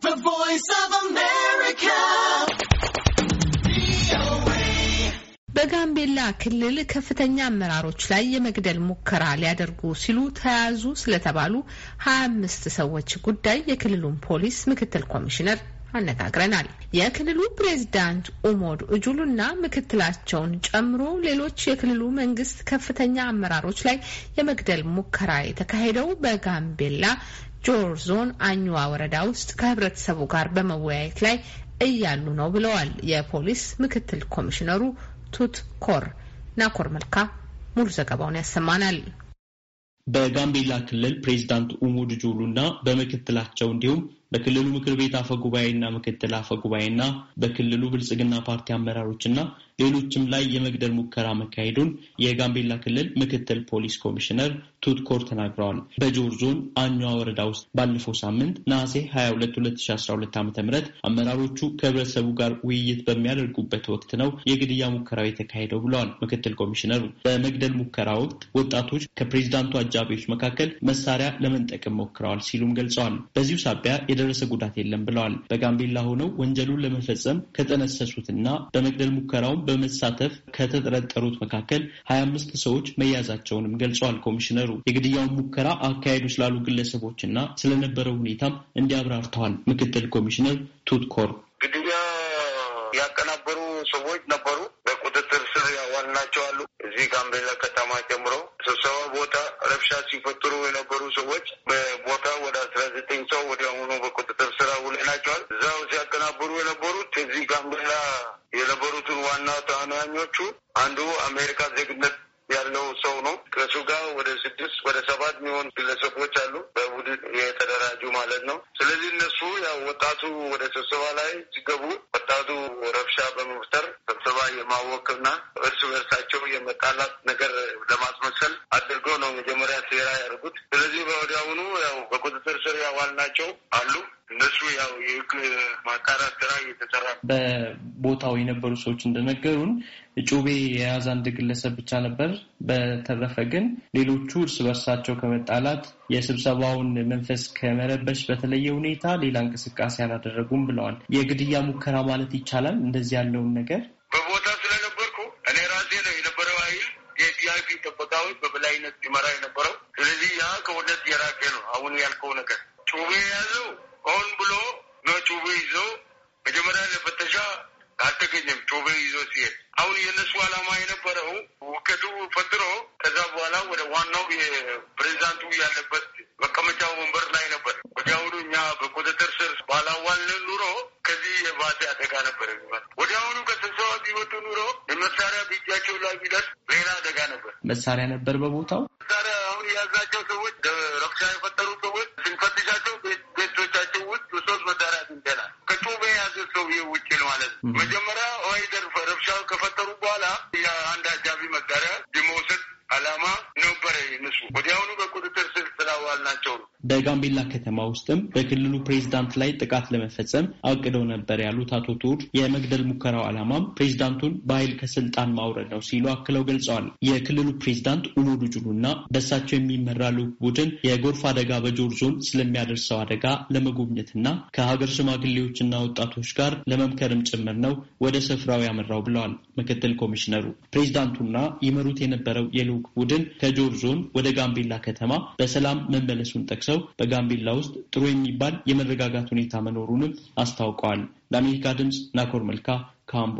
The Voice of America. በጋምቤላ ክልል ከፍተኛ አመራሮች ላይ የመግደል ሙከራ ሊያደርጉ ሲሉ ተያዙ ስለተባሉ ሀያ አምስት ሰዎች ጉዳይ የክልሉን ፖሊስ ምክትል ኮሚሽነር አነጋግረናል። የክልሉ ፕሬዝዳንት ኡሞድ እጁሉ ምክትላቸውን ጨምሮ ሌሎች የክልሉ መንግስት ከፍተኛ አመራሮች ላይ የመግደል ሙከራ የተካሄደው በጋምቤላ ጆር ዞን አኝዋ ወረዳ ውስጥ ከህብረተሰቡ ጋር በመወያየት ላይ እያሉ ነው ብለዋል የፖሊስ ምክትል ኮሚሽነሩ ቱት ኮር። ናኮር መልካ ሙሉ ዘገባውን ያሰማናል። በጋምቤላ ክልል ፕሬዚዳንት ኡሙድ ጁሉ እና በምክትላቸው እንዲሁም በክልሉ ምክር ቤት አፈጉባኤና ምክትል አፈጉባኤና በክልሉ ብልጽግና ፓርቲ አመራሮችና ሌሎችም ላይ የመግደል ሙከራ መካሄዱን የጋምቤላ ክልል ምክትል ፖሊስ ኮሚሽነር ቱትኮር ተናግረዋል። በጆር ዞን አኛ ወረዳ ውስጥ ባለፈው ሳምንት ነሐሴ 22 2012 ዓ ም አመራሮቹ ከህብረተሰቡ ጋር ውይይት በሚያደርጉበት ወቅት ነው የግድያ ሙከራው የተካሄደው ብለዋል ምክትል ኮሚሽነሩ። በመግደል ሙከራ ወቅት ወጣቶች ከፕሬዚዳንቱ አጃቢዎች መካከል መሳሪያ ለመንጠቅም ሞክረዋል ሲሉም ገልጸዋል። በዚሁ ሳቢያ የደረሰ ጉዳት የለም ብለዋል። በጋምቤላ ሆነው ወንጀሉን ለመፈጸም ከጠነሰሱትና በመግደል ሙከራውም በመሳተፍ ከተጠረጠሩት መካከል ሀያ አምስት ሰዎች መያዛቸውንም ገልጸዋል። ኮሚሽነሩ የግድያውን ሙከራ አካሄዱ ስላሉ ግለሰቦችና ስለነበረው ሁኔታም እንዲያብራርተዋል። ምክትል ኮሚሽነር ቱትኮር ግድያ ያቀናበሩ ሰዎች ነበሩ። በቁጥጥር ስር ናቸው አሉ። እዚህ ጋምቤላ ከተማ ጀምሮ ስብሰባ ቦታ ረብሻ ሲፈጥሩ የነበሩ ሰዎች በቦታ ወደ አስራ ዘጠኝ ሰው ወዲያውኑ በቁጥጥር ስር አውለን የነበሩት እዚህ ጋምቤላ የነበሩትን ዋና ተዋናኞቹ አንዱ አሜሪካ ዜግነት ያለው ሰው ነው። ከእሱ ጋር ወደ ስድስት ወደ ሰባት የሚሆን ግለሰቦች አሉ፣ በቡድን የተደራጁ ማለት ነው። ስለዚህ እነሱ ያው ወጣቱ ወደ ስብሰባ ላይ ሲገቡ ወጣቱ ረብሻ በመፍጠር ስብሰባ የማወክና እርስ በርሳቸው የመጣላት ነገር ለማስመሰል አድርገው ነው መጀመሪያ ሴራ ያደርጉት። ስለዚህ በወዲያውኑ ያው በቁጥጥር ስር ያዋልናቸው አሉ ሰዎቹ ያው የህግ ማጣራት ስራ እየተሰራ በቦታው የነበሩ ሰዎች እንደነገሩን ጩቤ የያዘ አንድ ግለሰብ ብቻ ነበር። በተረፈ ግን ሌሎቹ እርስ በርሳቸው ከመጣላት የስብሰባውን መንፈስ ከመረበሽ በተለየ ሁኔታ ሌላ እንቅስቃሴ አላደረጉም ብለዋል። የግድያ ሙከራ ማለት ይቻላል እንደዚህ ያለውን ነገር በቦታ ስለነበርኩ እኔ ራሴ ነው የነበረው ኃይል የዲአይፒ ጥበቃዎች በበላይነት ሲመራ የነበረው ስለዚህ ያ ከእውነት የራቀ ነው። አሁን ያልከው ነገር ጩቤ የያዘው ሆን ብሎ ነው ጩቤ ይዞ መጀመሪያ ለፈተሻ አልተገኘም። ጩቤ ይዞ ሲሄድ አሁን የእነሱ ዓላማ የነበረው ውከቱ ፈጥሮ ከዛ በኋላ ወደ ዋናው የፕሬዚዳንቱ ያለበት መቀመጫ ወንበር ላይ ነበር። ወዲያውኑ እኛ በቁጥጥር ስር ባላዋልን ኑሮ ከዚህ የባሰ አደጋ ነበር የሚመጣ። ወዲያውኑ ከስብሰባ ቢወጡ ኑሮ የመሳሪያ በእጃቸው ላይ ቢደርስ ሌላ አደጋ ነበር። መሳሪያ ነበር በቦታው መሳሪያ አሁን የያዛቸው ሰዎች ረብሻ የፈጠሩ ሰዎች ስንፈትሻቸው ረብሻውን ከፈጠሩ በኋላ ናቸው በጋምቤላ ከተማ ውስጥም በክልሉ ፕሬዚዳንት ላይ ጥቃት ለመፈጸም አቅደው ነበር ያሉት አቶ ቱር የመግደል ሙከራው ዓላማም ፕሬዚዳንቱን በኃይል ከስልጣን ማውረድ ነው ሲሉ አክለው ገልጸዋል። የክልሉ ፕሬዚዳንት ኡሞዱ ጁሉ በእሳቸው የሚመራ ልዑክ ቡድን የጎርፍ አደጋ በጆር ዞን ስለሚያደርሰው አደጋ ለመጎብኘትና ከሀገር ሽማግሌዎችና ወጣቶች ጋር ለመምከርም ጭምር ነው ወደ ስፍራው ያመራው ብለዋል ምክትል ኮሚሽነሩ። ፕሬዚዳንቱና ይመሩት የነበረው የልዑክ ቡድን ከጆር ዞን ወደ ጋምቤላ ከተማ በሰላም መመለስ መቀነሱን ጠቅሰው በጋምቤላ ውስጥ ጥሩ የሚባል የመረጋጋት ሁኔታ መኖሩንም አስታውቀዋል። ለአሜሪካ ድምፅ ናኮር መልካ ካምቦ